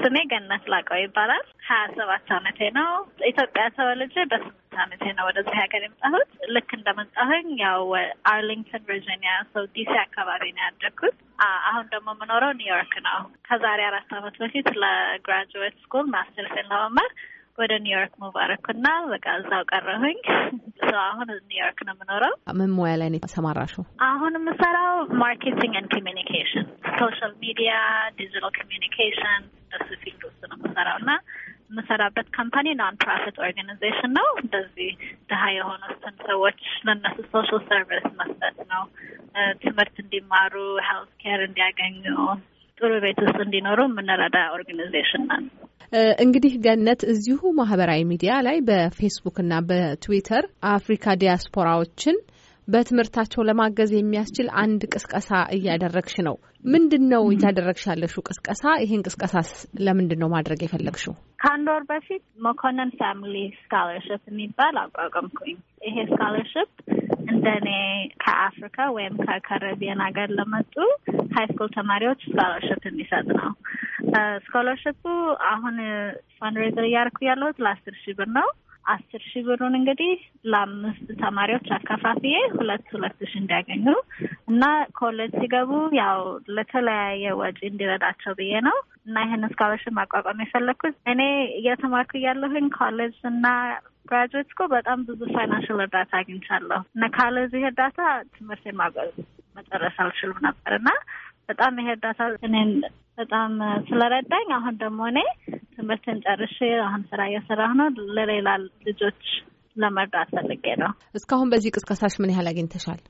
ስሜ ገነት ላቀው ይባላል። ሀያ ሰባት አመቴ ነው። ኢትዮጵያ ተወልጄ በስምንት አመቴ ነው ወደዚህ ሀገር የመጣሁት። ልክ እንደመጣሁኝ ያው አርሊንግተን ቨርጂኒያ፣ ሰው ዲሲ አካባቢ ነው ያደግኩት። አሁን ደግሞ የምኖረው ኒውዮርክ ነው። ከዛሬ አራት አመት በፊት ለግራጁዌት ስኩል ማስተርሴን ለመማር ወደ ኒውዮርክ ሙቭ አረኩና በቃ እዛው ቀረሁኝ። አሁን ኒውዮርክ ነው የምኖረው። ምን ሙያ ላይ ነው ተሰማራሽው? አሁን የምሰራው ማርኬቲንግ ኤንድ ኮሚኒኬሽን፣ ሶሻል ሚዲያ፣ ዲጂታል ኮሚኒኬሽን እሱ ፊልድ ውስጥ ነው የምሰራው እና የምሰራበት ካምፓኒ ናን ፕሮፊት ኦርጋናይዜሽን ነው። እንደዚህ ድሀ የሆኑትን ሰዎች ለነሱ ሶሻል ሰርቪስ መስጠት ነው። ትምህርት እንዲማሩ፣ ሄልት ኬር እንዲያገኙ፣ ጥሩ ቤት ውስጥ እንዲኖሩ የምንረዳ ኦርጋናይዜሽን ነን። እንግዲህ ገነት እዚሁ ማህበራዊ ሚዲያ ላይ በፌስቡክና በትዊተር አፍሪካ ዲያስፖራዎችን በትምህርታቸው ለማገዝ የሚያስችል አንድ ቅስቀሳ እያደረግሽ ነው። ምንድን ነው እያደረግሽ ያለሽው ቅስቀሳ? ይህን ቅስቀሳ ለምንድን ነው ማድረግ የፈለግሽው? ከአንድ ወር በፊት መኮንን ፋሚሊ ስካለርሽፕ የሚባል አቋቋምኩኝ። ይሄ እንደ እኔ ከአፍሪካ ወይም ከካረቢያን ሀገር ለመጡ ሀይ ስኩል ተማሪዎች ስካለርሽፕ የሚሰጥ ነው። ስኮላርሽፑ አሁን ፋንድሬዘር እያደረኩ ያለሁት ለአስር ሺህ ብር ነው። አስር ሺህ ብሩን እንግዲህ ለአምስት ተማሪዎች አካፋፍዬ ሁለት ሁለት ሺህ እንዲያገኙ እና ኮሌጅ ሲገቡ ያው ለተለያየ ወጪ እንዲረዳቸው ብዬ ነው እና ይህን ስኮላርሽፕ ማቋቋም የፈለግኩት እኔ እየተማርኩ እያለሁኝ ኮሌጅ እና ግራጁዌት እኮ በጣም ብዙ ፋይናንሽል እርዳታ አግኝቻለሁ እና ካለዚህ እርዳታ ትምህርት ማቋ መጨረስ አልችልም ነበር እና በጣም ይሄ እርዳታ እኔን በጣም ስለረዳኝ አሁን ደግሞ እኔ ትምህርትን ጨርሼ አሁን ስራ እየሰራሁ ነው። ለሌላ ልጆች ለመርዳት ፈልጌ ነው። እስካሁን በዚህ ቅስቀሳሽ ምን ያህል አግኝተሻል?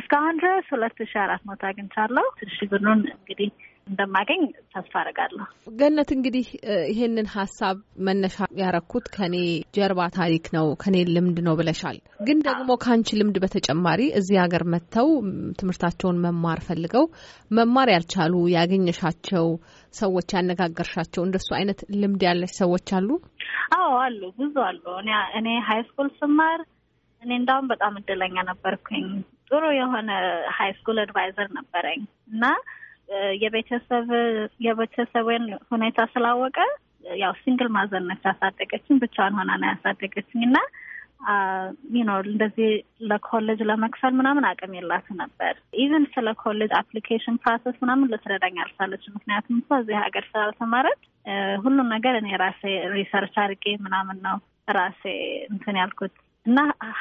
እስካሁን ድረስ ሁለት ሺ አራት መቶ አግኝቻለሁ። ትንሽ ብሩን እንግዲህ እንደማገኝ ተስፋ አደርጋለሁ። ገነት እንግዲህ ይሄንን ሀሳብ መነሻ ያረኩት ከኔ ጀርባ ታሪክ ነው ከኔ ልምድ ነው ብለሻል። ግን ደግሞ ከአንቺ ልምድ በተጨማሪ እዚህ ሀገር መጥተው ትምህርታቸውን መማር ፈልገው መማር ያልቻሉ ያገኘሻቸው ሰዎች ያነጋገርሻቸው እንደሱ አይነት ልምድ ያለሽ ሰዎች አሉ? አዎ አሉ፣ ብዙ አሉ። እኔ ሀይ ስኩል ስማር እኔ እንዳውም በጣም እድለኛ ነበርኩኝ። ጥሩ የሆነ ሀይ ስኩል አድቫይዘር ነበረኝ እና የቤተሰብ የቤተሰብን ሁኔታ ስላወቀ ያው ሲንግል ማዘር ነች ያሳደገችኝ፣ ብቻዋን ሆና ነው ያሳደገችኝ እና ነው እንደዚህ ለኮሌጅ ለመክፈል ምናምን አቅም የላት ነበር። ኢቨን ስለ ኮሌጅ አፕሊኬሽን ፕሮሰስ ምናምን ልትረዳኝ አልቻለች። ምክንያቱም እሷ እዚህ ሀገር ስላልተማረች ሁሉም ነገር እኔ ራሴ ሪሰርች አድርጌ ምናምን ነው ራሴ እንትን ያልኩት እና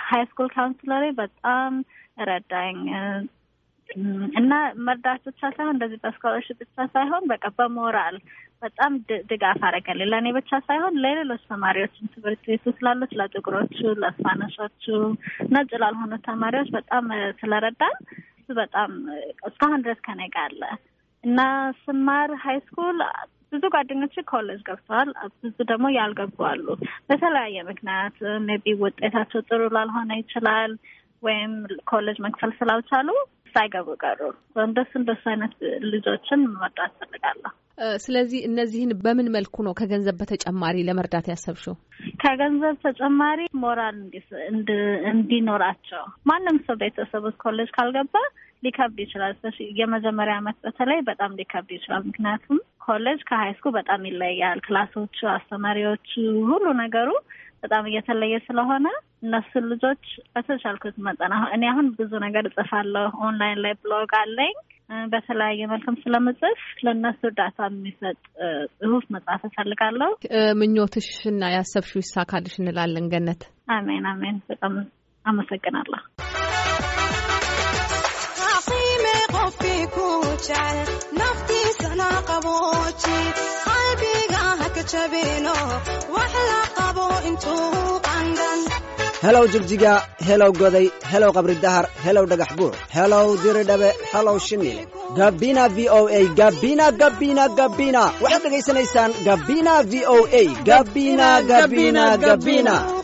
ሀይ ስኩል ካውንስለሬ በጣም ረዳኝ። እና መርዳት ብቻ ሳይሆን እንደዚህ በስኮለርሽፕ ብቻ ሳይሆን በቃ በሞራል በጣም ድጋፍ አደረገልኝ። ለእኔ ብቻ ሳይሆን ለሌሎች ተማሪዎችም ትምህርት ቤቱ ስላሉት ለጥቁሮቹ፣ ለስፓኒሾቹ፣ ነጭ ላልሆኑ ተማሪዎች በጣም ስለረዳን እሱ በጣም እስካሁን ድረስ ከእኔ ጋር አለ እና ስማር ሀይ ስኩል ብዙ ጓደኞች ኮሌጅ ገብተዋል። ብዙ ደግሞ ያልገቡ አሉ። በተለያየ ምክንያት ሜቢ ውጤታቸው ጥሩ ላልሆነ ይችላል ወይም ኮሌጅ መክፈል ስላልቻሉ ሳይገቡ ቀሩ። እንደሱ እንደሱ አይነት ልጆችን መርዳት ፈልጋለሁ። ስለዚህ እነዚህን በምን መልኩ ነው ከገንዘብ በተጨማሪ ለመርዳት ያሰብሽው? ከገንዘብ ተጨማሪ ሞራል እንዲኖራቸው ማንም ሰው ቤተሰብ ኮሌጅ ካልገባ ሊከብድ ይችላል። የመጀመሪያ ዓመት በተለይ በጣም ሊከብድ ይችላል። ምክንያቱም ኮሌጅ ከሀይስኩል በጣም ይለያል። ክላሶቹ፣ አስተማሪዎቹ፣ ሁሉ ነገሩ በጣም እየተለየ ስለሆነ እነሱን ልጆች በተቻልኩት መጠን እኔ አሁን ብዙ ነገር እጽፋለሁ። ኦንላይን ላይ ብሎግ አለኝ። በተለያየ መልክም ስለምጽፍ ለእነሱ እርዳታ የሚሰጥ ጽሁፍ መጽሐፍ እፈልጋለሁ። ምኞትሽ እና ያሰብሽው ይሳካልሽ እንላለን። ገነት አሜን፣ አሜን። በጣም አመሰግናለሁ። قلبي قاهك جبينو واحلى قبو انتو helow jigjiga helow goday helow qabri dahar helow dhagax buur helow diridhabe helow shimiile gabina v o a gabina gabina gabina waxaad dhegaysanaysaan gabina v o a gabina gabina gabina